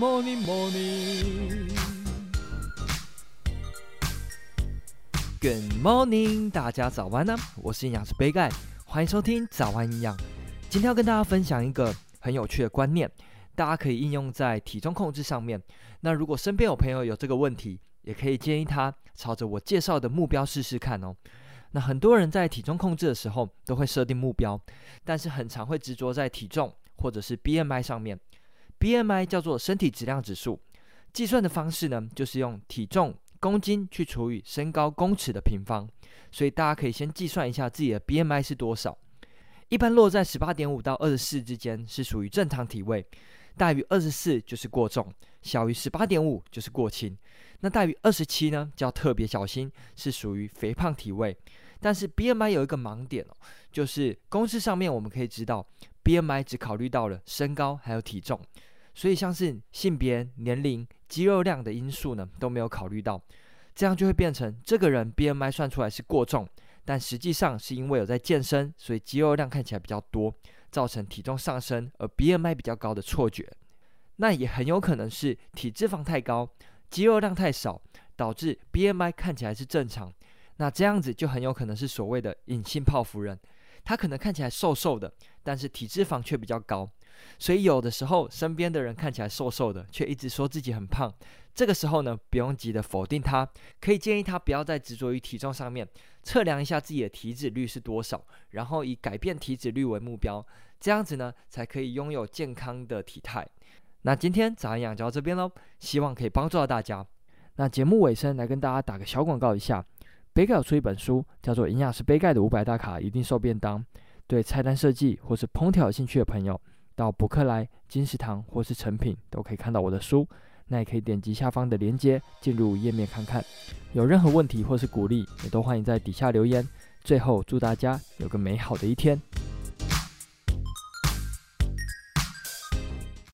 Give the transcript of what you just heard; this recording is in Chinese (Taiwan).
Morning, morning. Good morning，大家早安呢、啊！我是營養師杯蓋，歡迎收聽早安營養。今天要跟大家分享一個很有趣的觀念，大家可以應用在體重控制上面。那如果身邊有朋友有這個問題，也可以建議他朝着我介紹的目標試試看哦。那很多人在體重控制的時候都會設定目標，但是很常會執着在體重或者是 BMI 上面。BMI 叫做身體質量指數，計算的方式呢，就是用體重公斤去除以身高公尺的平方。所以大家可以先計算一下自己的 BMI 是多少。一般落在十八點五到二十四之間是屬於正常體位，大於二十四就是過重，小於十八點五就是過輕。那大於二十七呢，就要特別小心，是屬於肥胖體位。但是 BMI 有一個盲點哦，就是公式上面我們可以知道，BMI 只考慮到了身高還有體重。所以像是性別、年齡、肌肉量的因素呢，都沒有考慮到，這樣就會變成這個人 B M I 算出來是過重，但實際上是因為有在健身，所以肌肉量看起來比較多，造成體重上升而 B M I 比較高的錯覺。那也很有可能是體脂肪太高、肌肉量太少，導致 B M I 看起來是正常。那這樣子就很有可能是所謂的隱性泡芙人，她可能看起來瘦瘦的，但是體脂肪卻比較高。所以有的時候，身邊的人看起來瘦瘦的，卻一直說自己很胖，這個時候呢，不用急着否定他，可以建議他不要再執着於體重上面，測量一下自己的體脂率是多少，然後以改變體脂率為目標，這樣子呢，才可以擁有健康的體態。那今天早安營養就到這邊嘍，希望可以幫助到大家。那節目尾聲來跟大家打個小廣告一下，杯蓋有出一本書，叫做《營養師杯蓋的五百大卡一定瘦便當》，對菜單設計或是烹調有興趣的朋友。到博客來、金石堂或是誠品都可以看到我的書，那也可以點擊下方的鏈接進入頁面看看。有任何問題或是鼓勵，也都歡迎在底下留言。最後，祝大家有個美好的一天。